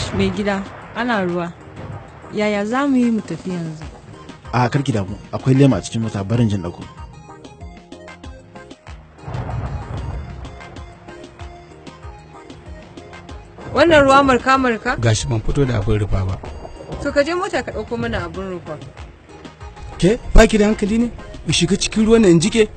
Kash mai gida ana ruwa. Yaya za mu yi mu tafi yanzu? A kar karki damu akwai lema a cikin mota barin jin ɗauko. Wannan ruwa marka marka? Gashi ban fito da abin rufa ba. To ka je mota ka ɗauko mana abin rufa. Ke ba ki da hankali ne? Shiga cikin ruwan nan jike?